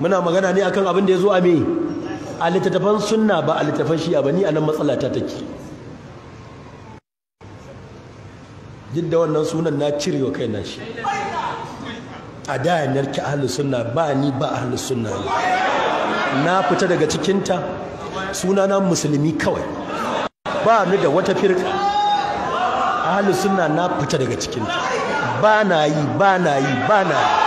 muna magana ne akan abin da ya zo a me a littattafan sunna ba a littattafan shi ba ni a nan matsala ta take duk da wannan sunan na cire wa kaina shi a da ki ahalus sunna ba ni ba suna sunna na fita daga cikinta sunana musulmi kawai ba ni da wata firka ahalus sunna na fita daga cikinta ba na yi ba na yi ba na yi